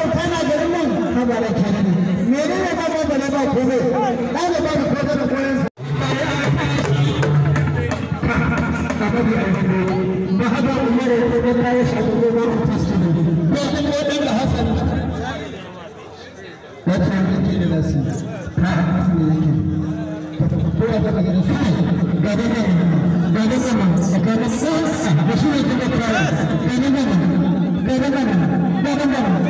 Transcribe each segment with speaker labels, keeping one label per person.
Speaker 1: bauta na garin nan ka ba da kenan mene ne ba ba ba ba komai ka ba ba ko da koyon sa ba haba umar ko da ya shafi ko ba ku tsaya Ba kun ko dan da hasan wata yake da nasi ka hasan ne yake ko ya ta ga su ga da ga da ga ma ka ga su da ne ke da ka ga da ga da ga da ga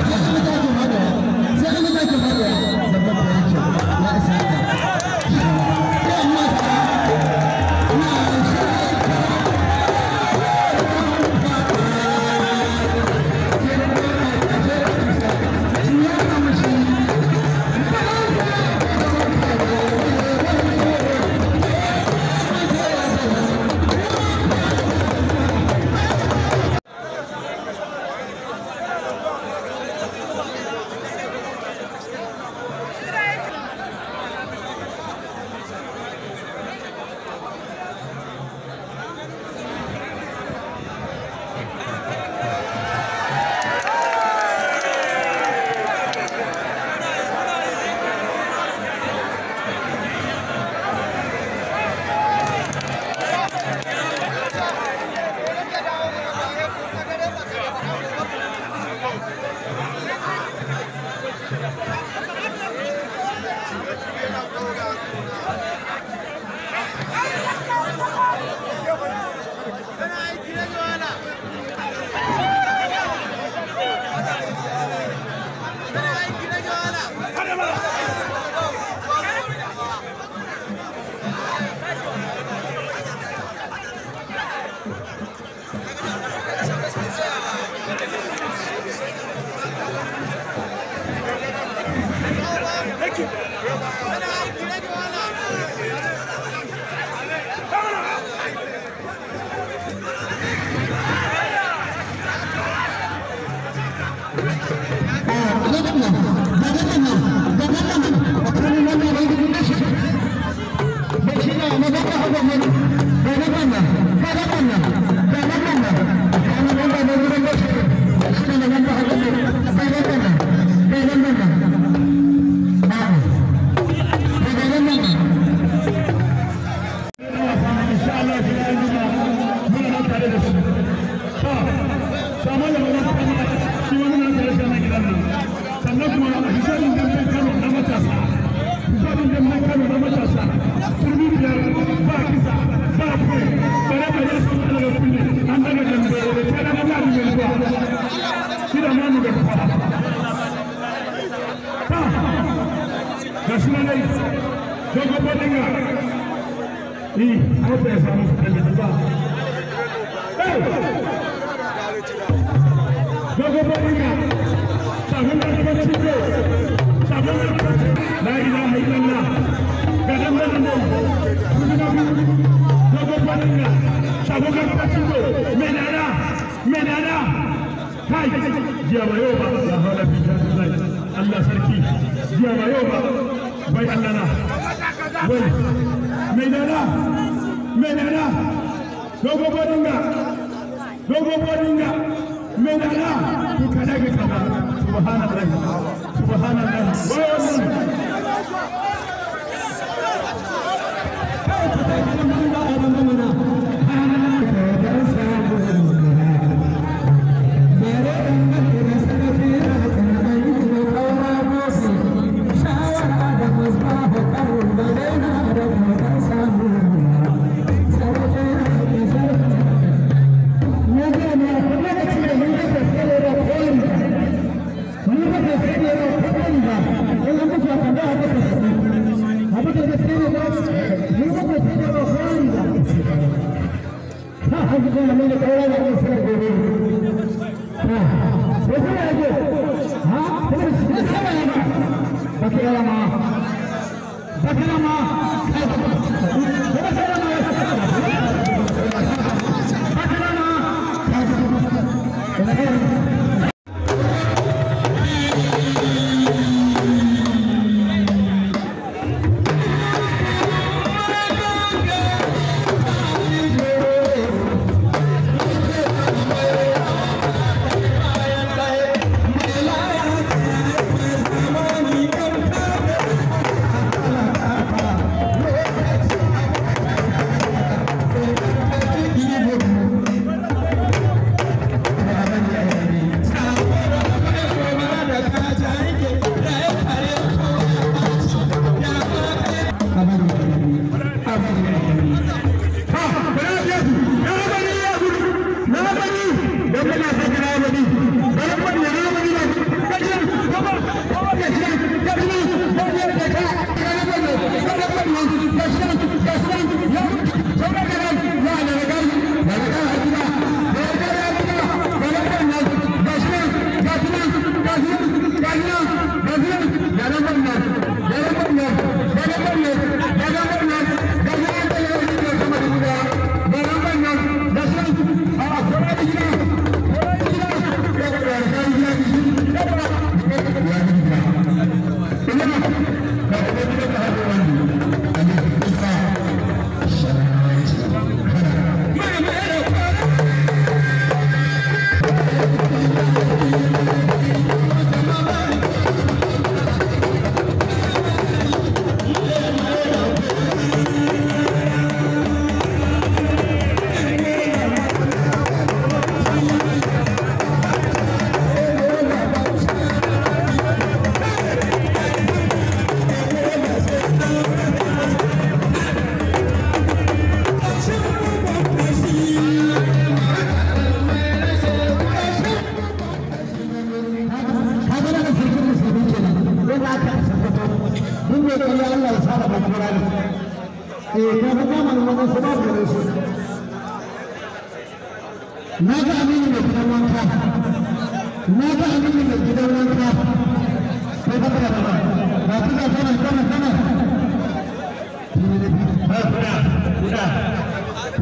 Speaker 1: Thank you.
Speaker 2: hanya eh an ba ya samu su ba dogo ba ina sabon da kuma ciko sabon da kuma ciko la ilaha illallah ga dan da ne dogo ba ina sabon da kuma ciko menana menana kai jiya ba la hawla bi Allah sarki jiya ba yau ba bai wai mai dada mai dada dogo bodinga dogo bodinga subhanallah subhanallah
Speaker 1: जिसने हमें निकाला जाने से दे दे कैसे आएंगे हाँ पुलिस कैसे आएगा बकेरा माँ बकेरा माँ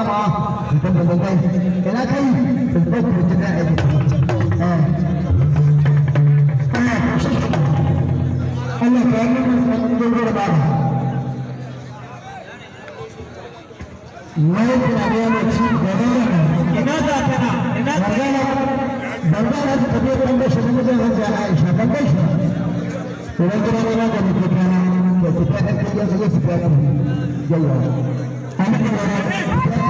Speaker 1: الجامعه الفتره اللي جايه كان في الفتره الابتدائي اه الله كان دور بعض ما يمكن ان يعمل شيء لماذا لماذا لماذا تبيع بندش من عائشه بندش ولكن انا ما قلت لك انا كنت احب ان يجلس يلا انا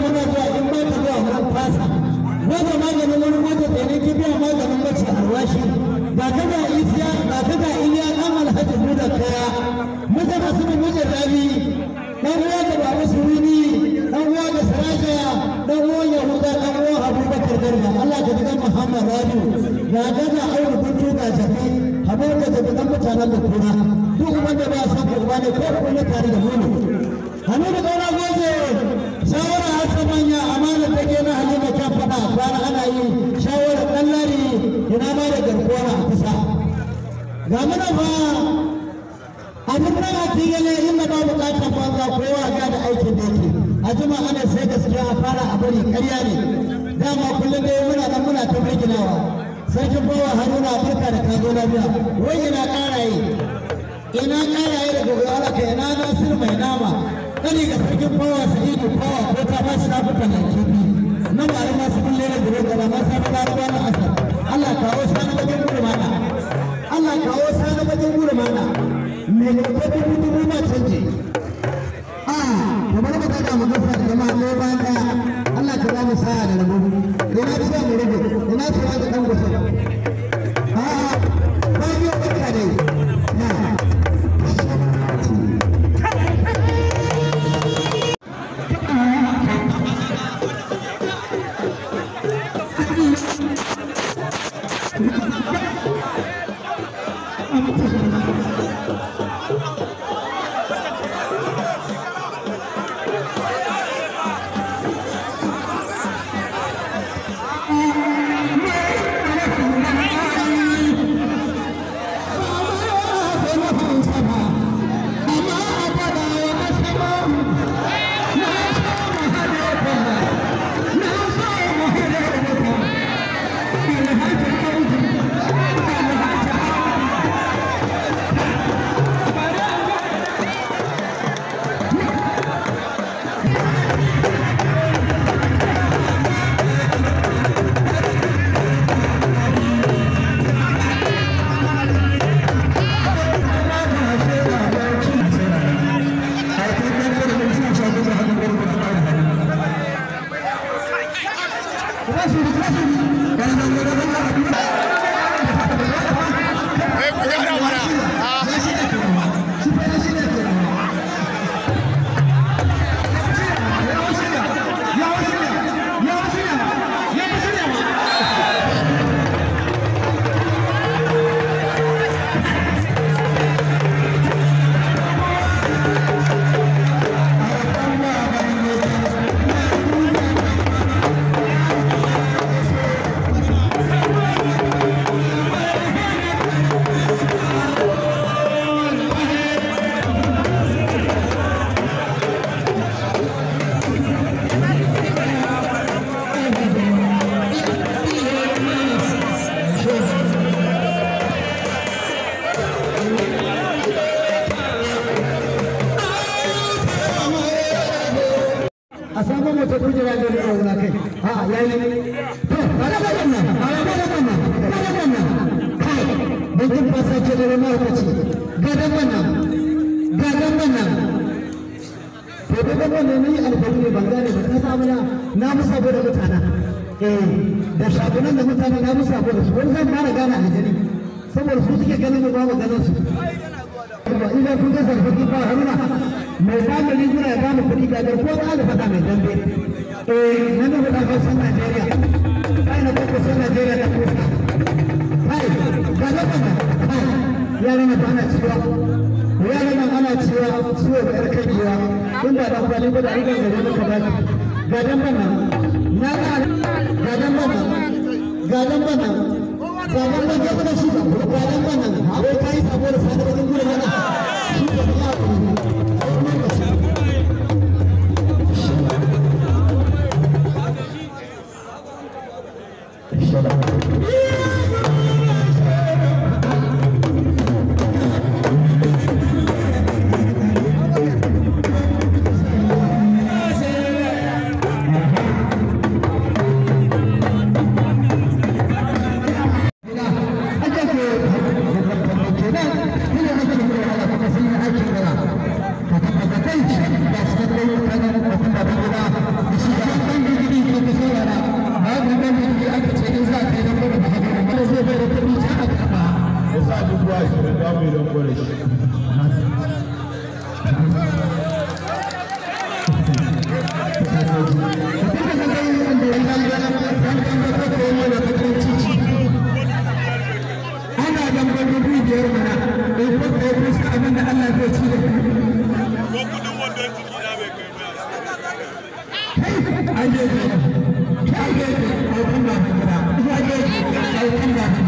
Speaker 1: muna zuwa in ba ka zuwa wurin fasa wanda maganin wani wanda tsanin kibiya maganin mace a alwashi ba ka ga isiya ba ka ga iliya kan alhaji buda kaya muka masu mu muka rabi dan uwa da babu surini dan uwa da saraja dan uwa yahuda dan uwa abubakar garba allah ka dukan muhammad rabiu ga gaza aure kuntu ga jafi habar da ka dukan mutanen da kuna duk wanda ba san kurba ne ko kuma tare da mu ne hannu da kaura goje sawa manya amanar ta ke na halima kyan faɗa kwana ana yi shawarar ɗan lari yana ba da garkuwa a kusa ga muna fa abin nan a tigale inda ba bukatar kwanza kowa ga da aikin da yake a jima ana sai gaskiya a fara a bari karya ne dama kullum dai muna nan muna ta birginawa sarkin bawa haruna barka da kazo lafiya wai ina ƙara yi ina ƙara yi daga wuyar ka ina nasir mai nama iri ga sarkin fawa sa'idu fawa ko ta ba shi rafuka na kifi na bari masu kulle da gure gaba na sami larabawa na asar Allah kawo sani bakin gure mana Allah kawo sani bakin gure mana mai gaba dubu dubu ba canje a kamar ba ta damu gasa da jama'a ne ba ta a samu mota kujera da riya wuna kai a yayi to kada ka danna kada ka danna kada ka danna kai bakin fasa ce da mai kace ga dan wannan ga dan wannan to ni alƙawari ne ban gane ba kasa mana na musa saboda mutana eh da shagunan da mutane na musa saboda su wani zan fara gane aljani saboda su suke ganin mu ba mu ganin su ba ina kun ga zarfi mai ba mu riguna ya ba mu kuɗi gagar ko ba da faɗa mai dambe eh na ga faɗa san Najeriya kai na boko sai Najeriya ta kusa kai ga ga ba kai yaran ana ciwa yaran nan ana ciwa ciwo da yarkar giwa ba da kwalin ba da rigar gare muka ba ga dan bana na ga ga dan bana ga dan bana ga dan bana ga dan ga ko kai sabo da sabo da gurin mana
Speaker 2: kenan kuma ake yi ala kuma sun yi aikin gaba to ta tabbatai aka ce in za ka yi da kuma zai bai da kudi ta aka ba ya sa duk Itu k